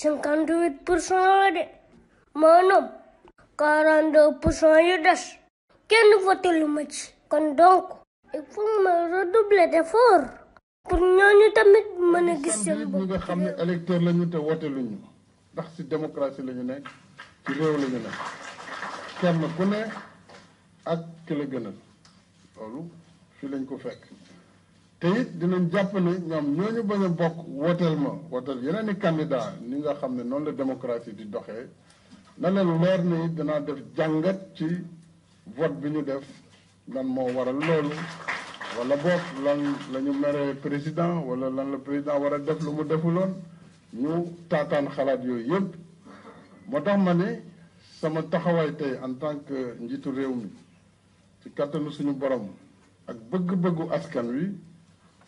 cinquante cinquante-huit pour cent la de maanaam quarante yu des kenn voté lu ma ci kon donc il faut ma redoubler d'effort pour ñooñu tamit mën a gis seen bopp nga xam ne électeur lañu te voté luñu ndax ci démocratie lañu nekk ci réew lañu nekk kenn ku ne ak ki gënal loolu fii lañ ko fekk te it dinañ jàpp ne ñoom ñooñu bañ a bokk wooteel ma wooteel yeneen i candidat ni nga xam ne noonu la démocratie di doxee na leen leer ni danaa def jàngat ci vote bi ñu def lan moo waral loolu wala boog lan la président wala lan la président war a def lu mu defuloon ñu taataan xalaat yooyu yëpp moo tax ma ne sama taxawaay tey en tant que njiitu réew mi ci kattanu suñu borom ak bëgg-bëggu askan wi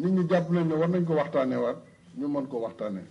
nit ñi jàpp leen ne war nañ ko waxtaanee waat ñu mën ko waxtaanee.